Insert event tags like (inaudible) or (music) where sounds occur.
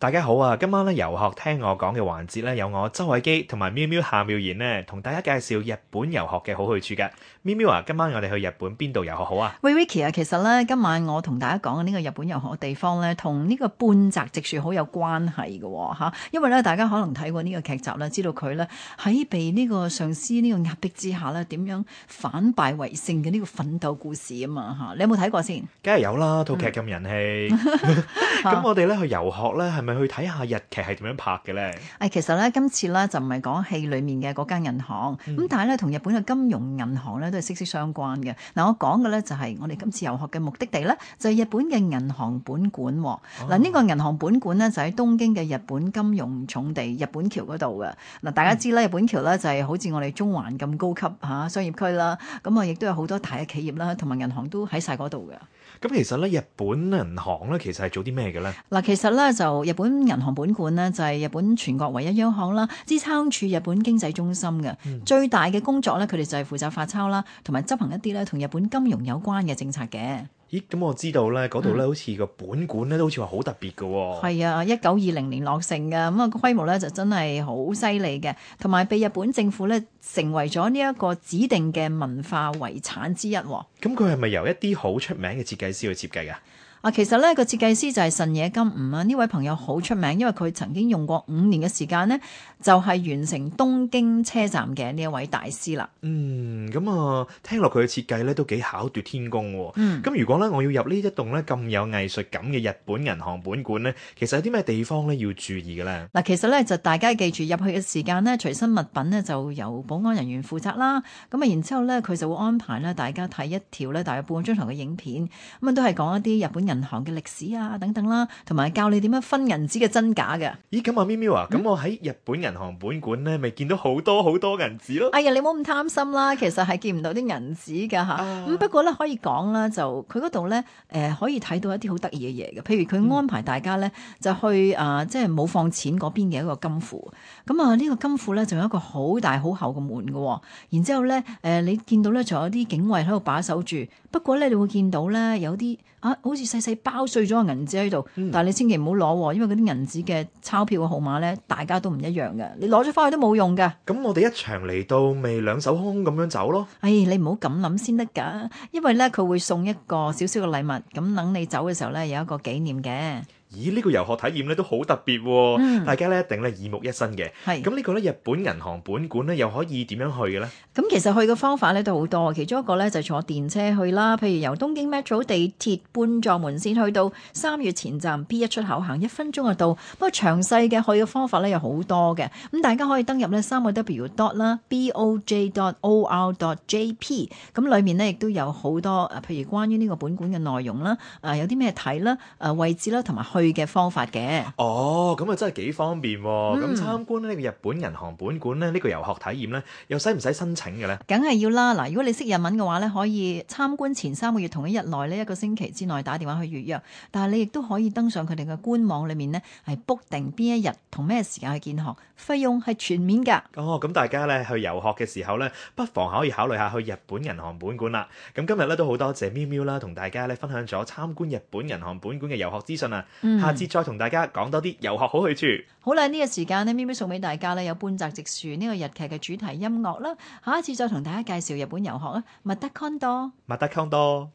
大家好啊！今晚咧遊學聽我講嘅環節咧，有我周偉基同埋喵喵夏妙然呢，同大家介紹日本遊學嘅好去處嘅。喵喵啊，今晚我哋去日本邊度遊學好啊？喂，Ricky 啊，其實咧今晚我同大家講嘅呢個日本遊學嘅地方咧，同呢個半澤直樹好有關係嘅吓，因為咧大家可能睇過呢個劇集啦，知道佢咧喺被呢個上司呢個壓迫之下咧，點樣反敗為勝嘅呢個奮鬥故事啊嘛吓，你有冇睇過先？梗係有啦，套劇咁人氣。咁 (laughs) (laughs) 我哋咧去遊學咧係。去睇下日劇係點樣拍嘅咧？誒，其實咧，今次咧就唔係講戲裡面嘅嗰間銀行，咁、嗯、但係咧同日本嘅金融銀行咧都係息息相關嘅。嗱，我講嘅咧就係、是、我哋今次遊學嘅目的地咧，就係、是、日本嘅銀行本館。嗱、哦，呢、這個銀行本館咧就喺東京嘅日本金融重地日本橋嗰度嘅。嗱，大家知啦、嗯，日本橋咧就係、是、好似我哋中環咁高級吓、啊、商業區啦，咁啊亦都有好多大嘅企業啦，同埋銀行都喺晒嗰度嘅。咁其實咧，日本銀行咧其實係做啲咩嘅咧？嗱，其實咧就日本銀行本館呢，就係日本全國唯一央行啦，支撐住日本經濟中心嘅、嗯、最大嘅工作呢，佢哋就係負責發鈔啦，同埋執行一啲咧同日本金融有關嘅政策嘅。咦？咁我知道咧，嗰度咧好似個本館咧都好似話好特別㗎。係、嗯、啊，一九二零年落成嘅，咁、那、啊個規模咧就真係好犀利嘅，同埋被日本政府咧成為咗呢一個指定嘅文化遺產之一。咁佢係咪由一啲好出名嘅設計師去設計㗎？啊，其實呢個設計師就係神野金吾啊！呢位朋友好出名，因為佢曾經用過五年嘅時間呢就係、是、完成東京車站嘅呢一位大師啦。嗯，咁、嗯、啊，聽落佢嘅設計呢都幾巧奪天工喎。咁、嗯、如果呢，我要入呢一棟呢咁有藝術感嘅日本銀行本館呢，其實有啲咩地方呢要注意嘅呢？嗱，其實呢，就大家記住入去嘅時間呢，隨身物品呢就由保安人員負責啦。咁啊，然之後呢，佢就會安排呢大家睇一條呢大約半個鐘頭嘅影片，咁啊都係講一啲日本。銀行嘅歷史啊，等等啦、啊，同埋教你點樣分銀紙嘅真假嘅。咦，咁啊，喵喵啊，咁我喺日本銀行本館呢咪見到好多好多銀紙咯。哎呀、嗯嗯呃，你唔好咁貪心啦、啊，其實係見唔到啲銀紙嘅吓。咁、啊啊嗯、不過呢，可以講啦，就佢嗰度呢，誒、呃，可以睇到一啲好得意嘅嘢嘅。譬如佢安排大家呢，嗯、就去誒、呃，即係冇放錢嗰邊嘅一個金庫。咁、嗯、啊、呢、這個金庫呢，仲有一個好大好厚嘅門嘅。然之後咧，誒、呃，你見到呢，仲有啲警衛喺度把守住。不過呢，你會見到呢，有啲。啊，好似細細包碎咗個銀紙喺度，但係你千祈唔好攞，因為嗰啲銀紙嘅鈔票嘅號碼呢，大家都唔一樣㗎。你攞咗翻去都冇用噶。咁我哋一場嚟到，咪兩手空空咁樣走咯。哎，你唔好咁諗先得噶，因為呢，佢會送一個少少嘅禮物，咁等你走嘅時候呢，有一個紀念嘅。咦，呢個遊學體驗咧都好特別喎、哦嗯！大家咧一定咧耳目一新嘅。咁呢個咧日本銀行本館咧又可以點樣去嘅呢？咁其實去嘅方法咧都好多，其中一個咧就坐電車去啦。譬如由東京 Metro 地鐵半藏門線去到三月前站 B 一出口，行一分鐘就到。不過詳細嘅去嘅方法咧有好多嘅，咁大家可以登入呢三個 W dot 啦，B O J dot O R dot J P。咁裏面呢亦都有好多譬如關於呢個本館嘅內容啦，有啲咩睇啦，位置啦，同埋去嘅方法嘅。哦，咁啊真係幾方便喎、哦！咁、嗯、參觀呢個日本銀行本館咧，呢個遊學體驗需需呢，又使唔使申請嘅呢？梗係要啦！嗱，如果你識日文嘅話呢，可以參觀前三個月同一日內呢一個星期之內打電話去預約，但係你亦都可以登上佢哋嘅官網裏面呢，係 book 定邊一日同咩時間去見學，費用係全免㗎。哦，咁大家呢，去遊學嘅時候呢，不妨可以考慮下去日本銀行本館啦。咁今日咧都好多謝喵喵啦，同大家咧分享咗參觀日本銀行本館嘅遊學資訊啊！嗯 (noise) 下次再同大家講多啲遊學好去處。好啦，呢個時間呢咪咪送俾大家咧有半澤直樹呢個日劇嘅主題音樂啦。下一次再同大家介紹日本遊學啊，物得康多，物得康多。